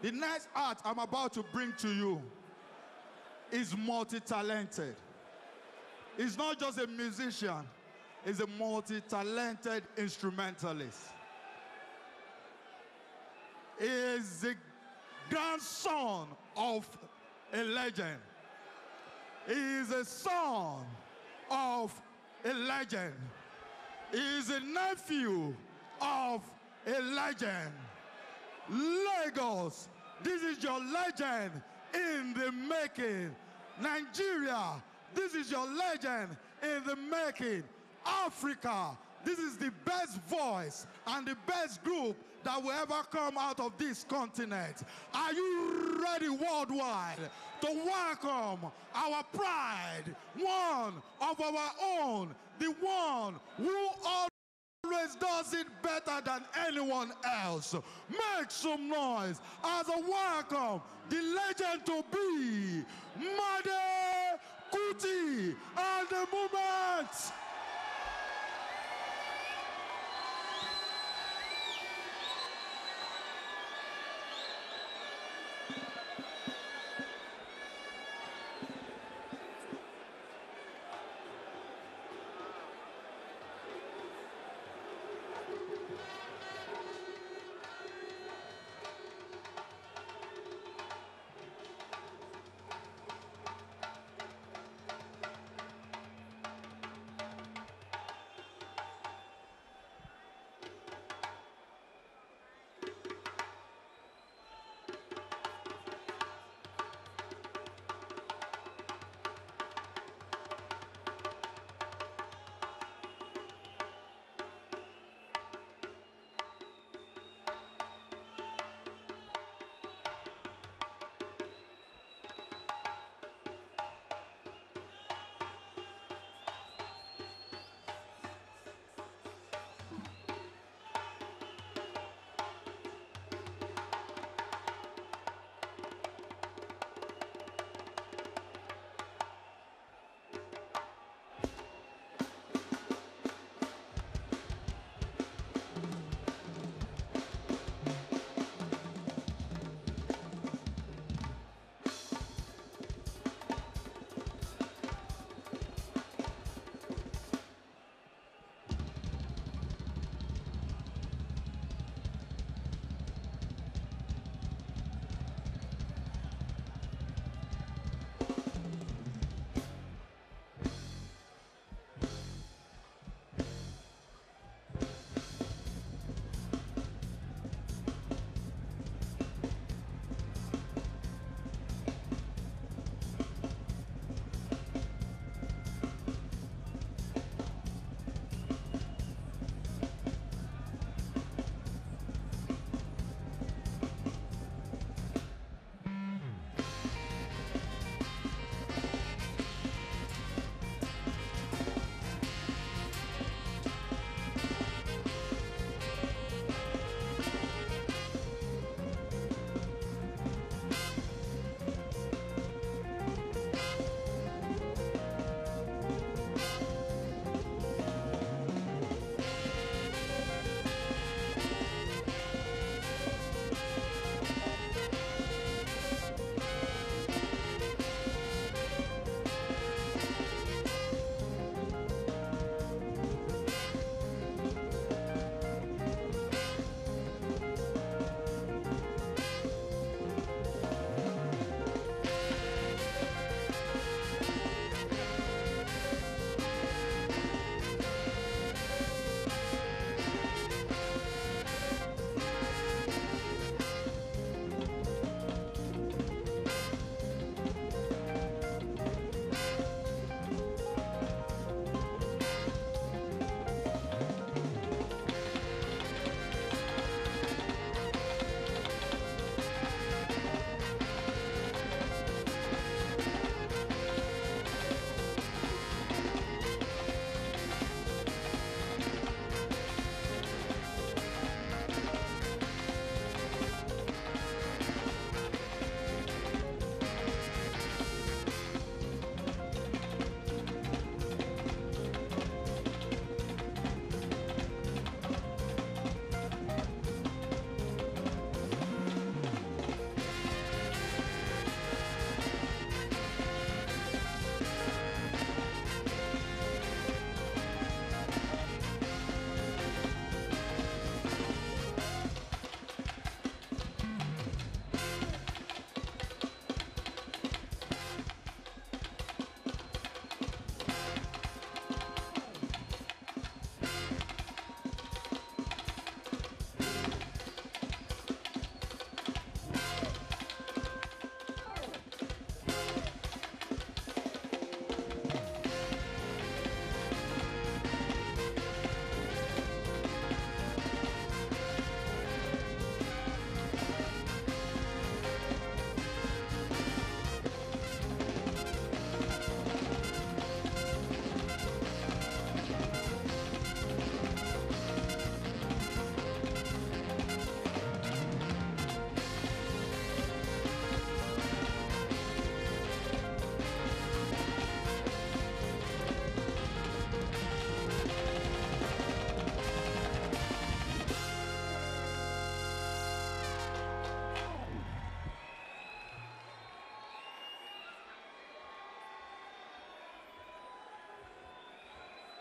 The nice art I'm about to bring to you is multi talented. He's not just a musician, he's a multi talented instrumentalist. He is the grandson of a legend. He is a son of a legend. He is a nephew of a legend. Lagos, this is your legend in the making. Nigeria, this is your legend in the making. Africa, this is the best voice and the best group that will ever come out of this continent. Are you ready worldwide to welcome our pride, one of our own, the one who all always does it better than anyone else. Make some noise as a welcome the legend to be, Made Kuti and the moment.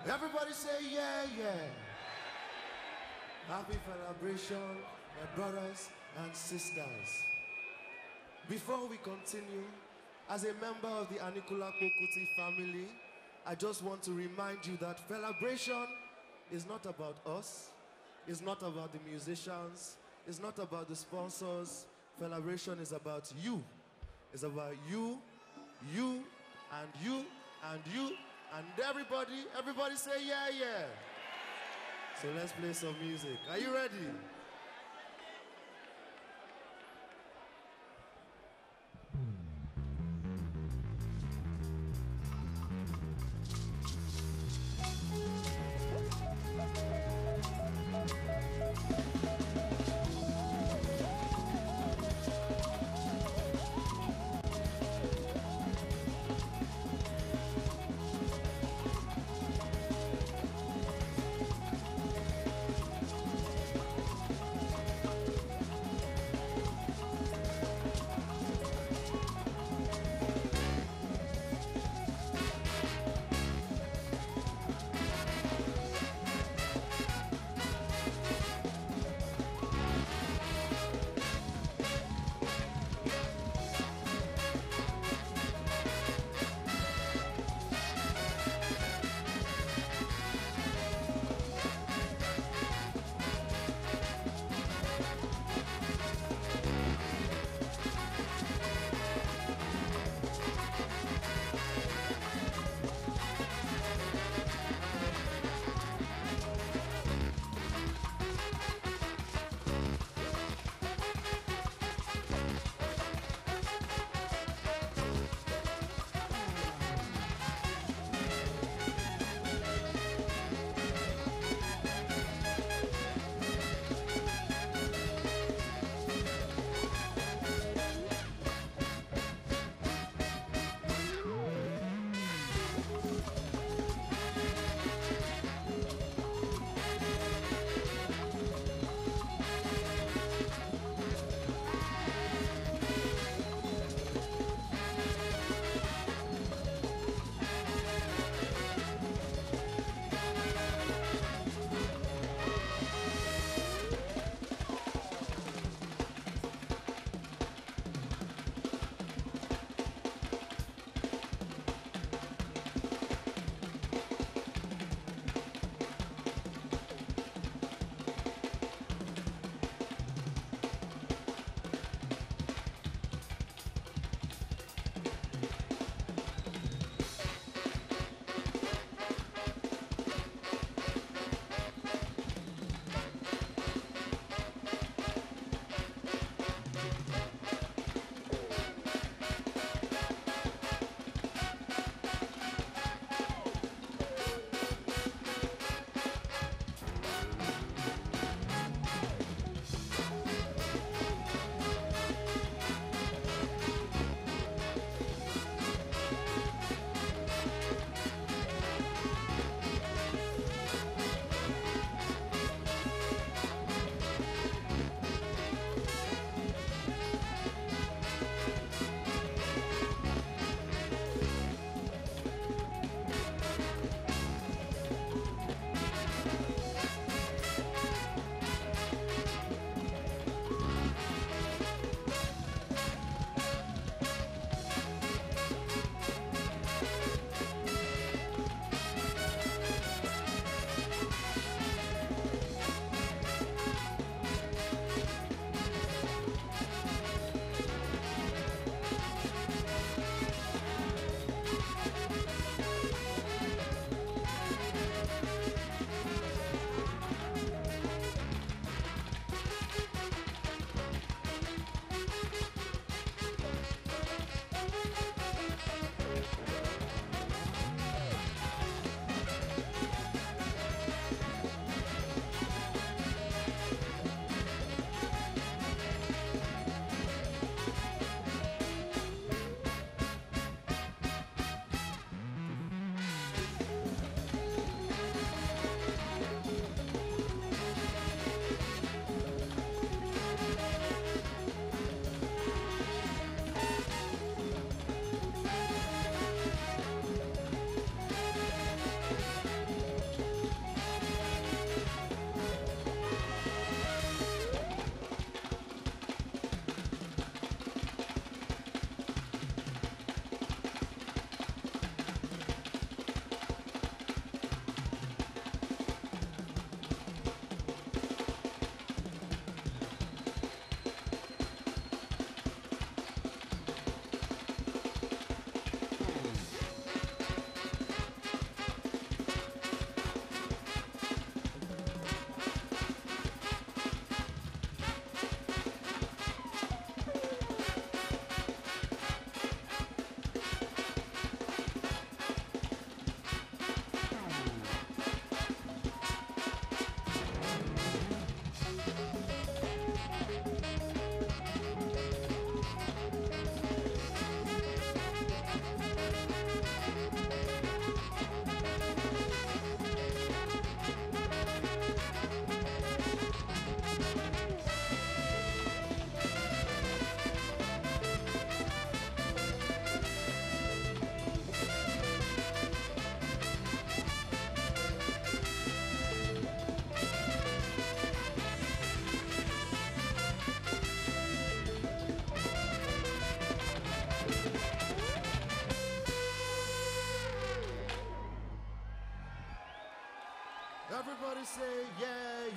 Everybody say yeah, yeah. Happy celebration, my brothers and sisters. Before we continue, as a member of the Anikula Kokuti family, I just want to remind you that celebration is not about us, it's not about the musicians, it's not about the sponsors. Celebration is about you. It's about you, you, and you, and you, and everybody, everybody say yeah, yeah. So let's play some music. Are you ready?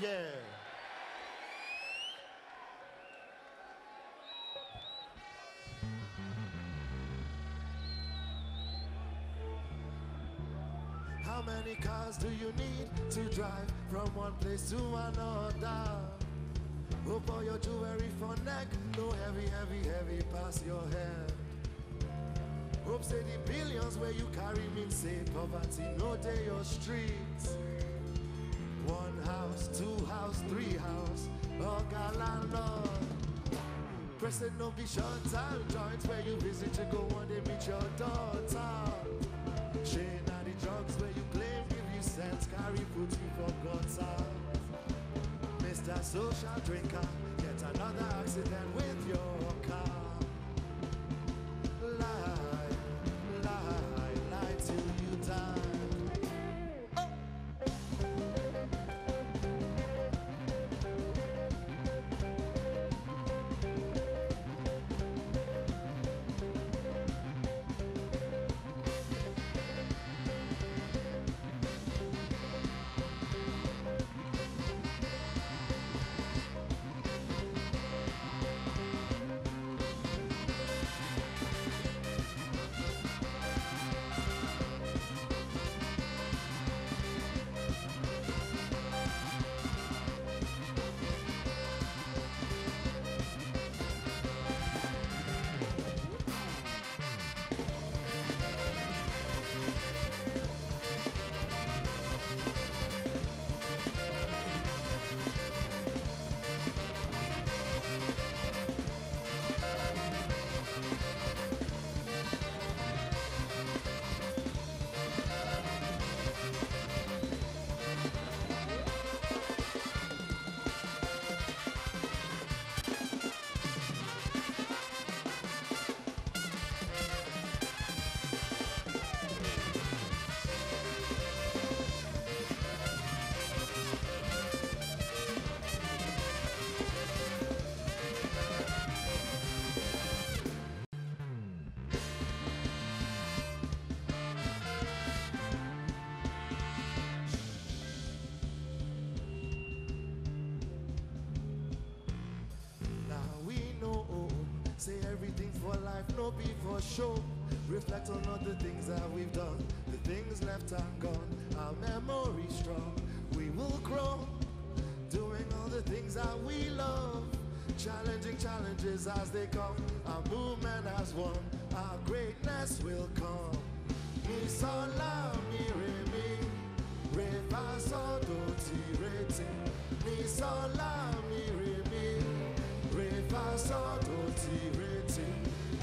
yeah. How many cars do you need to drive from one place to another? Hope for your jewelry for neck, no heavy, heavy, heavy past your head. Hope say the billions where you carry means say poverty, no day your streets three house, Oga oh, lord, Pressing no be short time joints where you visit to go one day meet your daughter. Chain and the drugs where you claim give you sense, carry put for God's house. Mr. Social Drinker, get another accident with show Reflect on all the things that we've done The things left gone. Our memory strong We will grow Doing all the things that we love Challenging challenges as they come Our movement has won Our greatness will come Mi sola mi re mi Re fa sol do ti re ti Mi sola mi re mi Re fa sol do ti re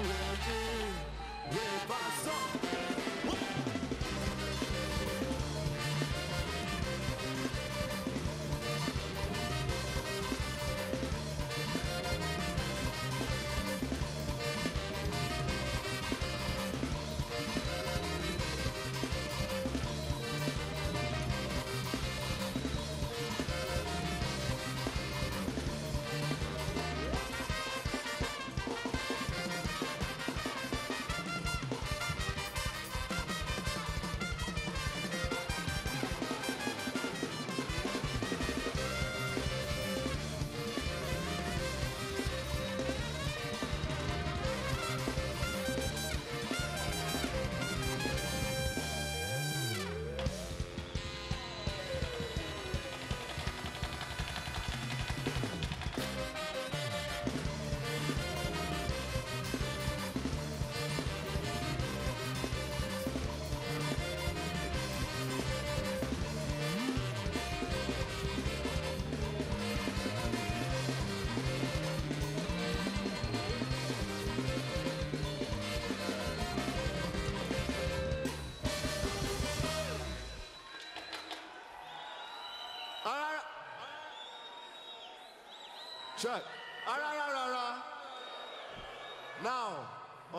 will do. We're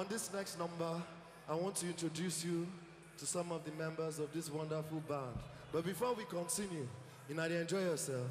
On this next number, I want to introduce you to some of the members of this wonderful band. But before we continue, you know, enjoy yourself.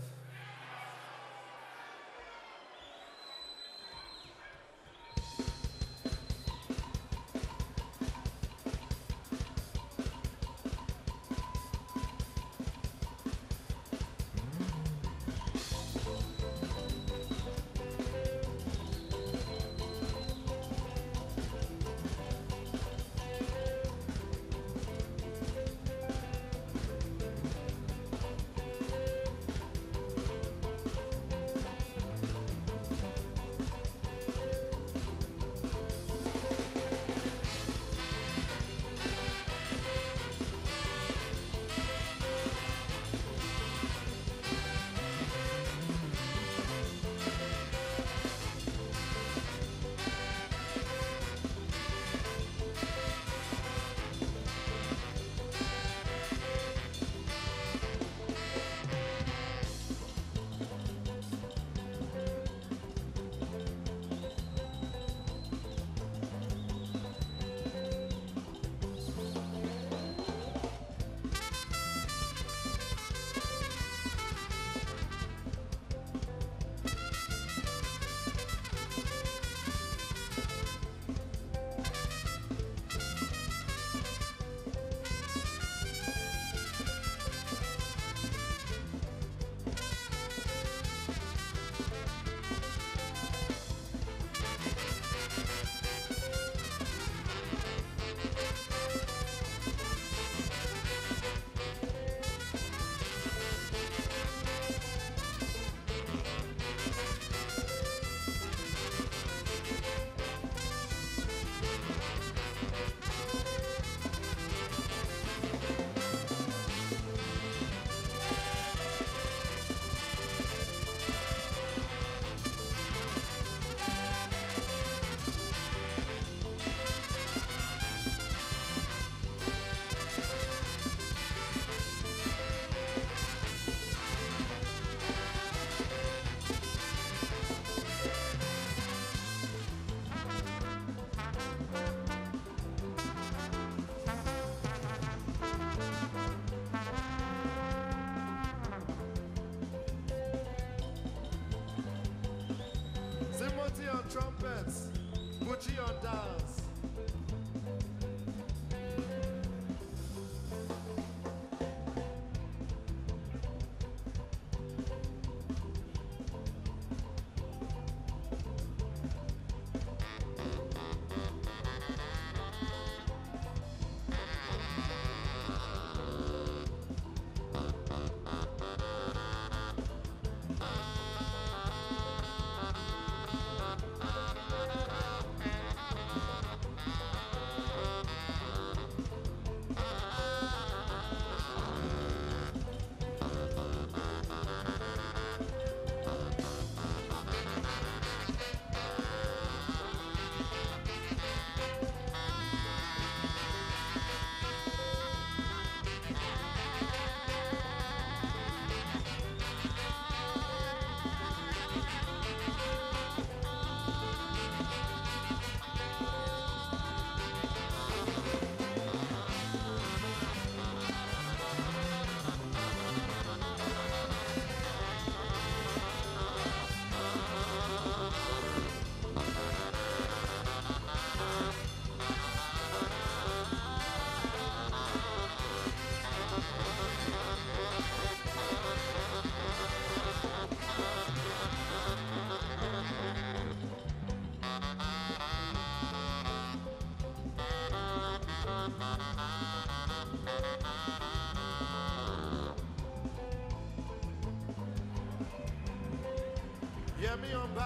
trumpets, Gucci on down.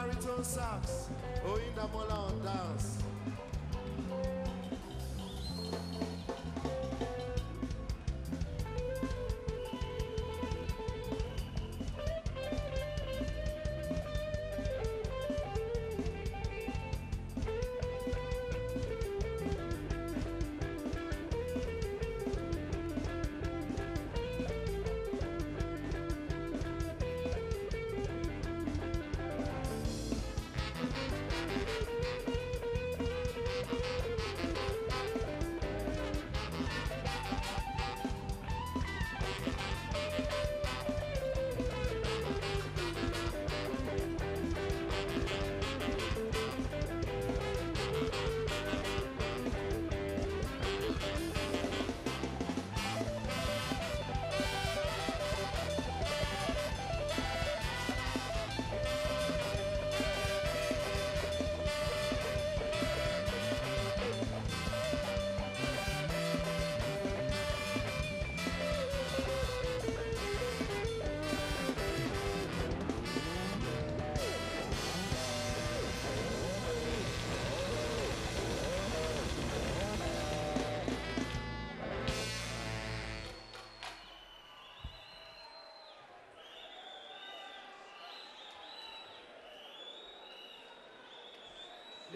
marital song.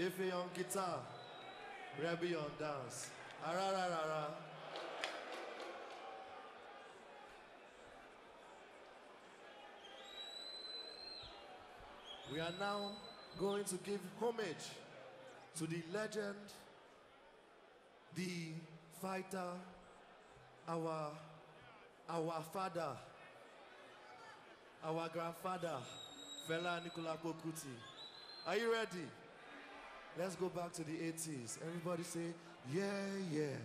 Ife on guitar, Rebbe on dance. Arararara. We are now going to give homage to the legend, the fighter, our, our father, our grandfather, Fela Nicola Bokuti. Are you ready? Let's go back to the 80s. Everybody say, yeah, yeah.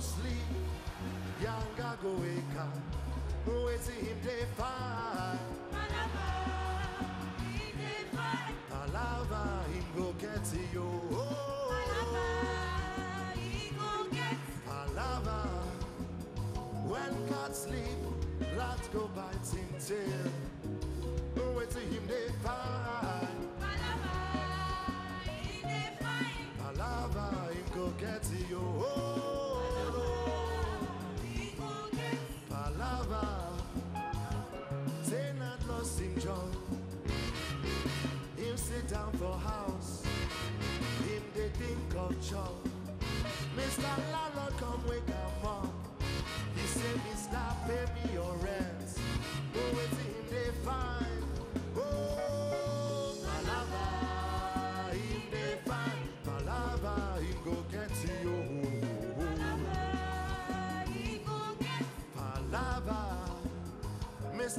sleep, go wake up. him day he day go get you. he go get. when God sleep, rats go bite him tail.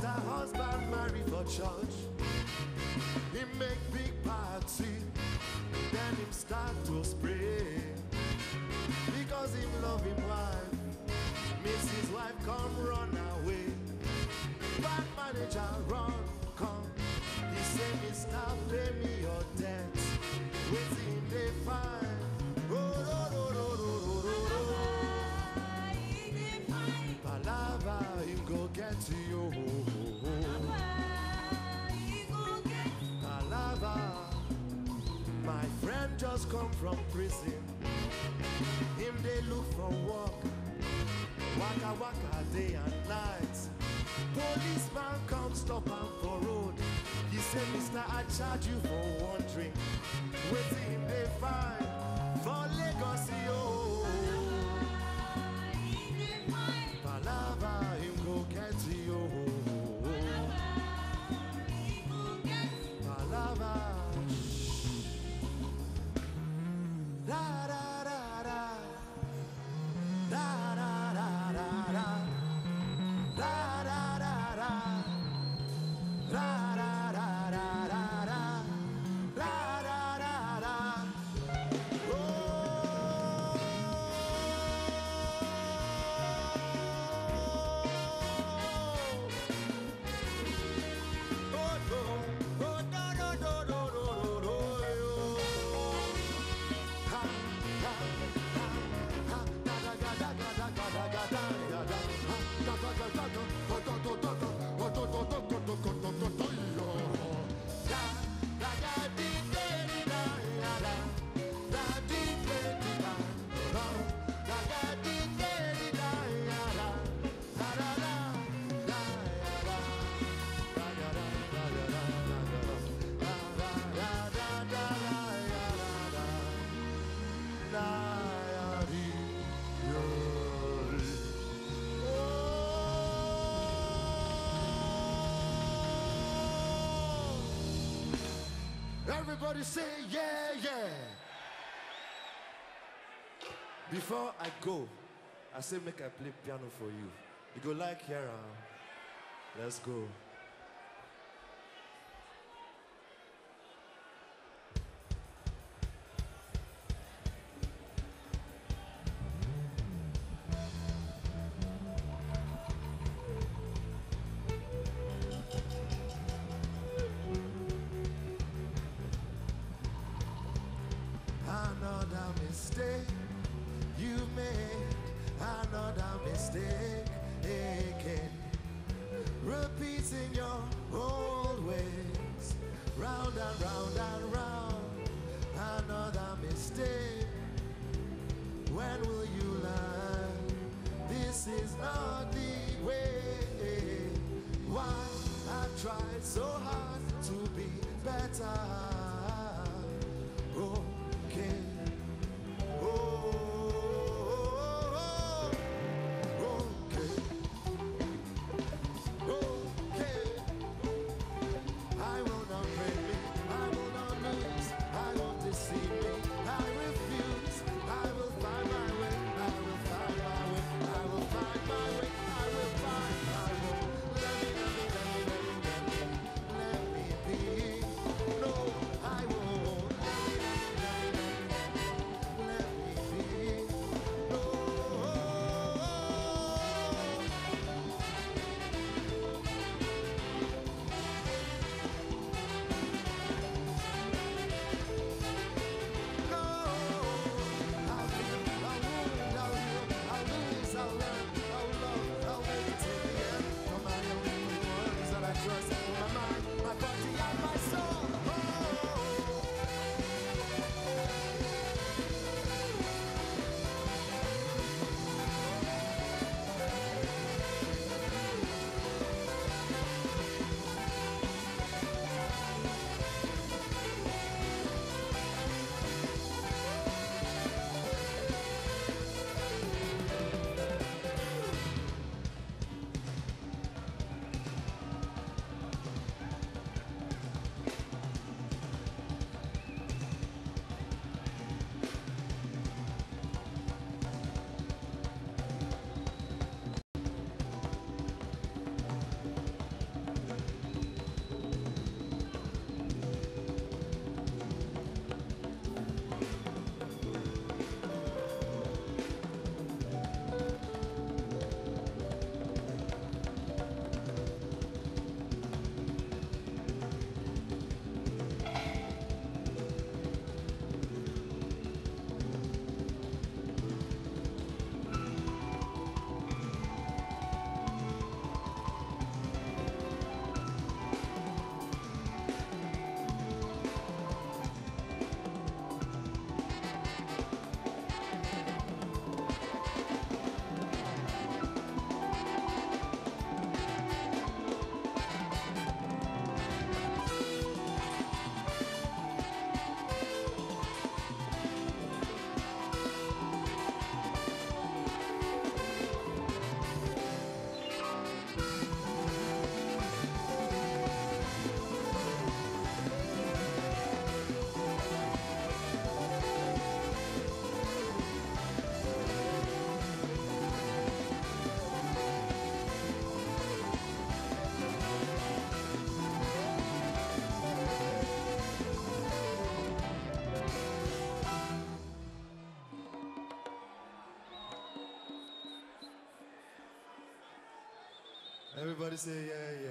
her husband marry for church. He make big party, then him start to spray. Because him love him wife, miss his wife come run away. Bad manager run come, he say Mister pay me your debt. Waiting they find. from prison. Him they look for work. Waka waka day and night. Policeman come stop am for road. He say, Mister, I charge you for one drink. Waiting him they find for legacy? Oh. la, la. Everybody say yeah, yeah. Before I go, I say make I play piano for you. You go like here. Let's go. Why I tried so hard to be better. Broken. say, yeah, yeah.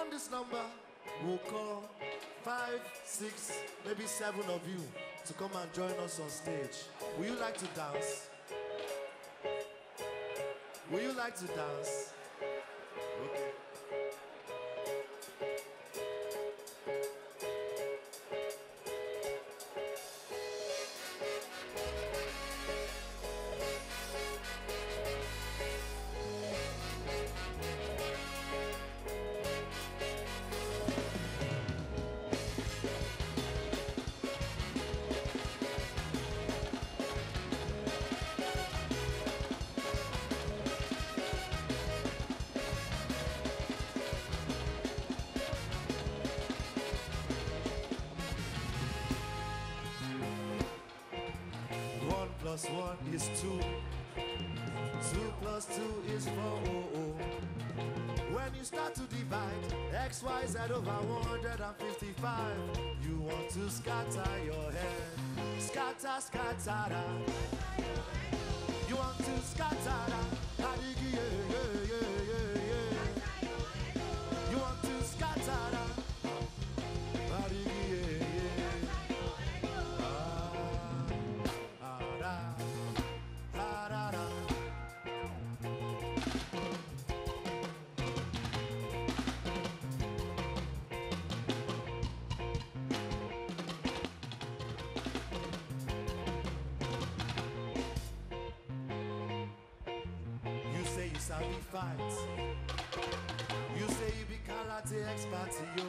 On this number, we'll call five, six, maybe seven of you to come and join us on stage. Would you like to dance? like to dance. XYZ over 155. You want to scatter your head. Scatter, scatter. da. You want to scatter. Da yeah, yeah. fight. You say you be karate expert, yo.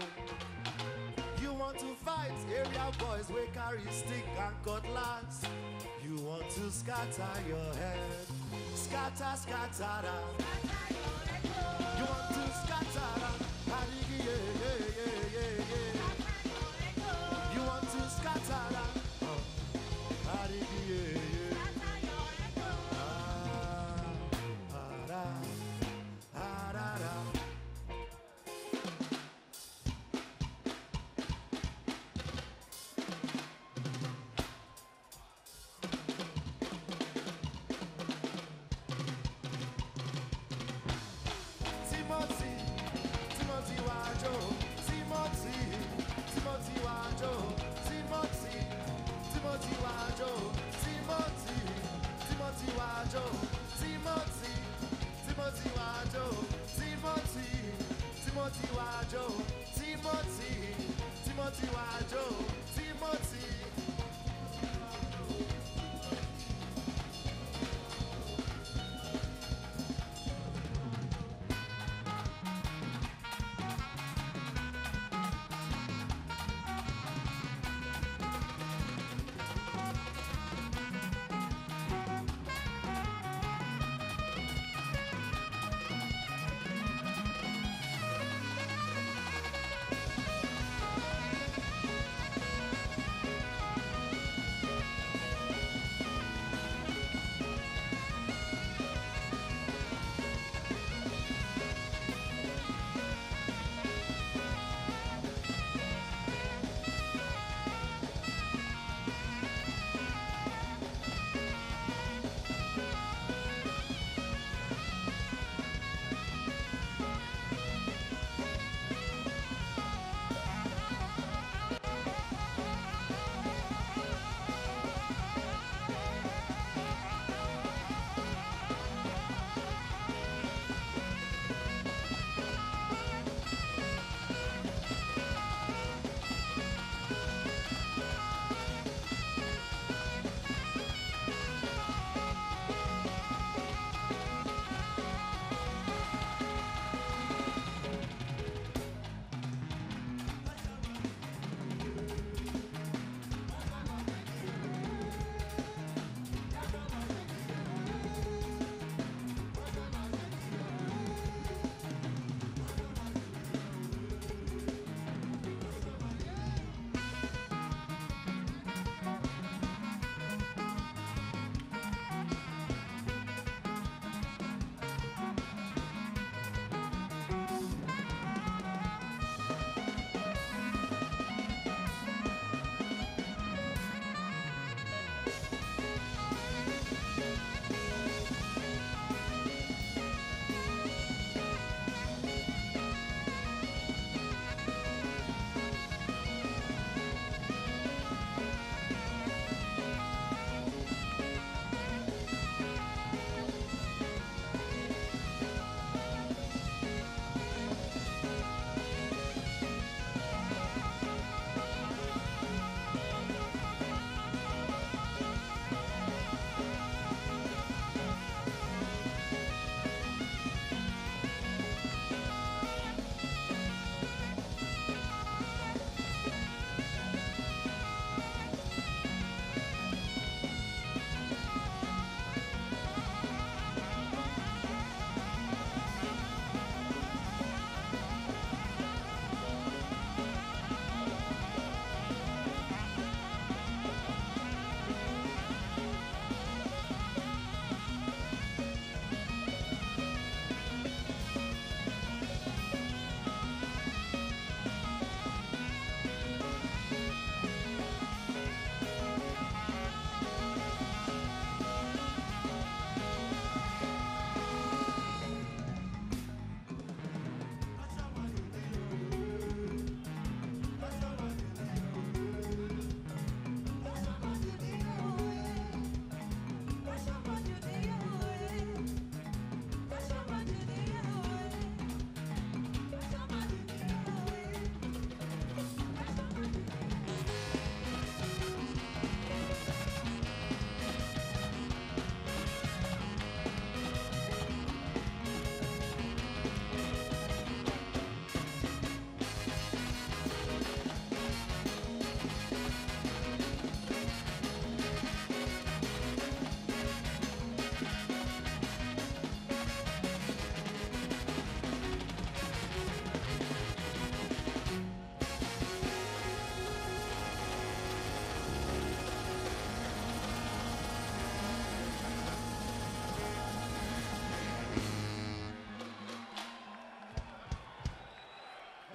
You want to fight, area boys we carry stick and cutlass. You want to scatter your head, scatter, scatter. scatter. Timothy Wajo, Timothy, Timothy Wajo, Timothy.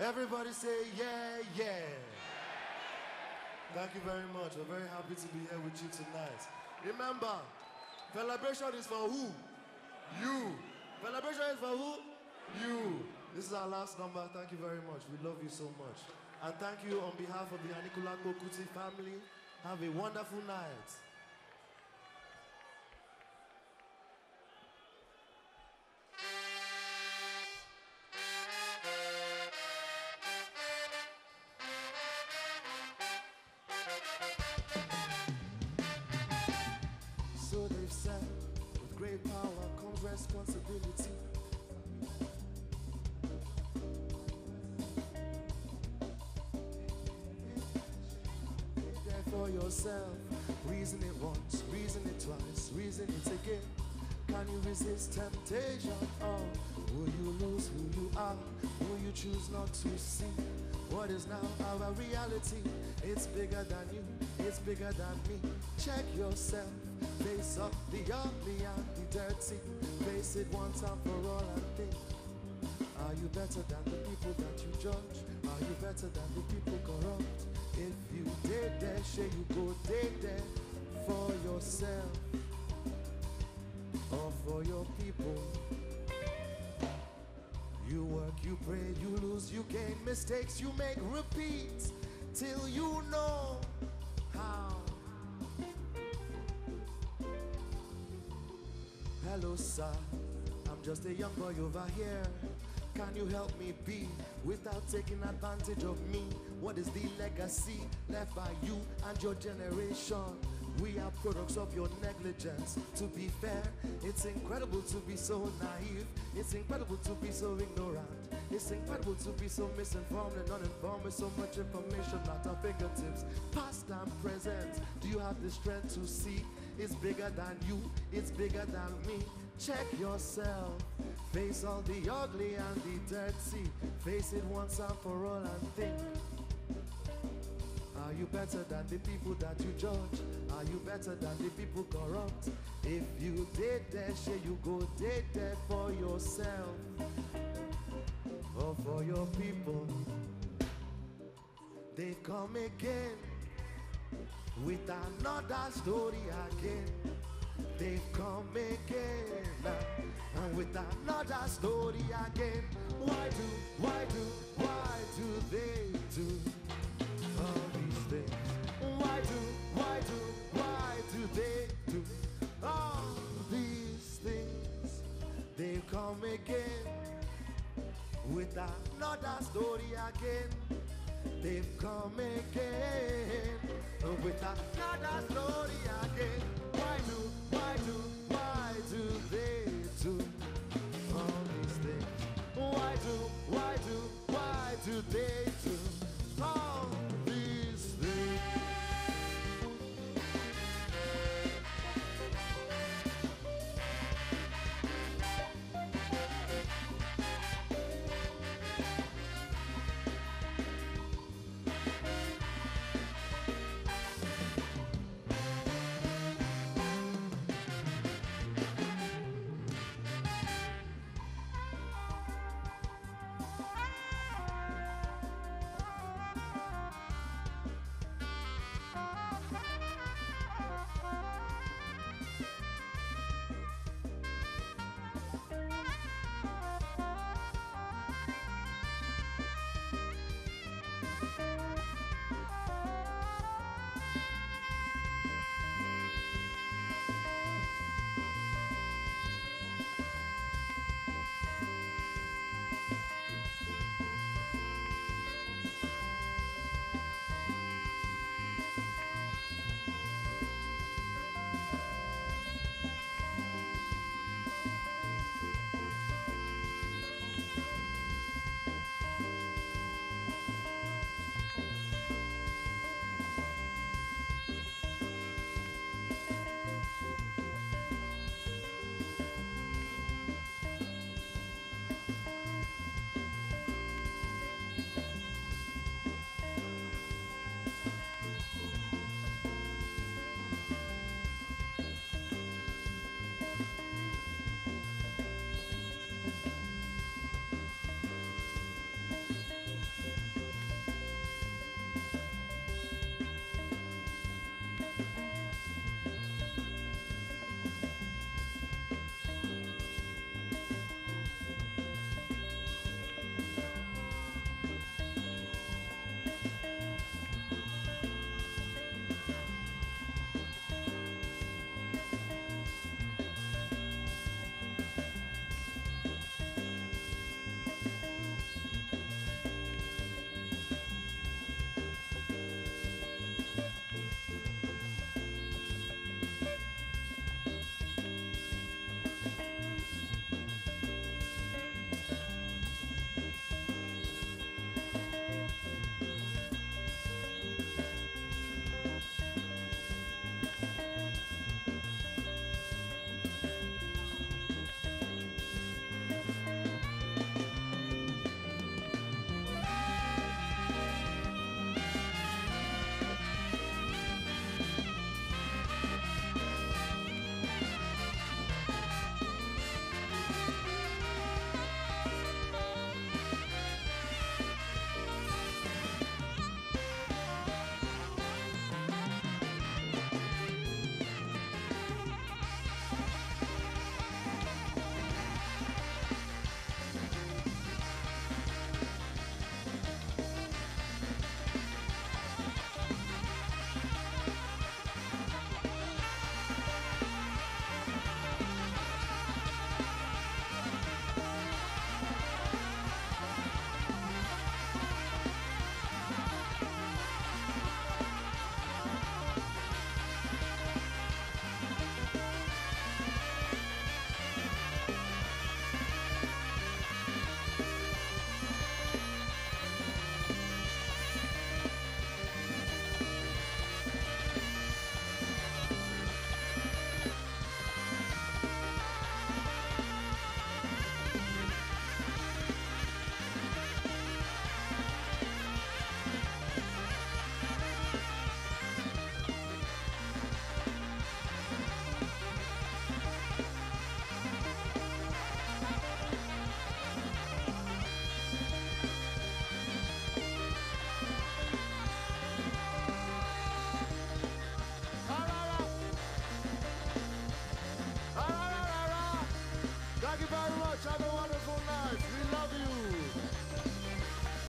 Everybody say yeah, yeah. Thank you very much. We're very happy to be here with you tonight. Remember, celebration is for who? You. Celebration is for who? You. This is our last number. Thank you very much. We love you so much. And thank you on behalf of the Anikula Kokuti family. Have a wonderful night. yourself. Reason it once, reason it twice, reason it again. Can you resist temptation? Oh, will you lose who you are? Will you choose not to see what is now our reality? It's bigger than you, it's bigger than me. Check yourself, face up the ugly and the dirty. Face it once and for all and think. Are you better than the people that you judge? Are you better than the people corrupt? If Dey there, sure you go dey there for yourself or for your people. You work, you pray, you lose, you gain, mistakes you make, repeat till you know how. Hello, sir. I'm just a young boy over here. Can you help me be without taking advantage of me? What is the legacy left by you and your generation? We are products of your negligence. To be fair, it's incredible to be so naive. It's incredible to be so ignorant. It's incredible to be so misinformed and uninformed with so much information at our fingertips. Past and present, do you have the strength to see? It's bigger than you, it's bigger than me. Check yourself. Face all the ugly and the dirty. Face it once and for all and think you better than the people that you judge? Are you better than the people corrupt? If you did that say you go did that for yourself or oh, for your people. They come again with another story again. they come again and with another story again. Why do, why do, why do they do? Oh this? Why do, why do, why do they do all these things? They come again with another story again. They've come again with another story again. Why do, why do, why do they do all these things? Why do, why do, why do they?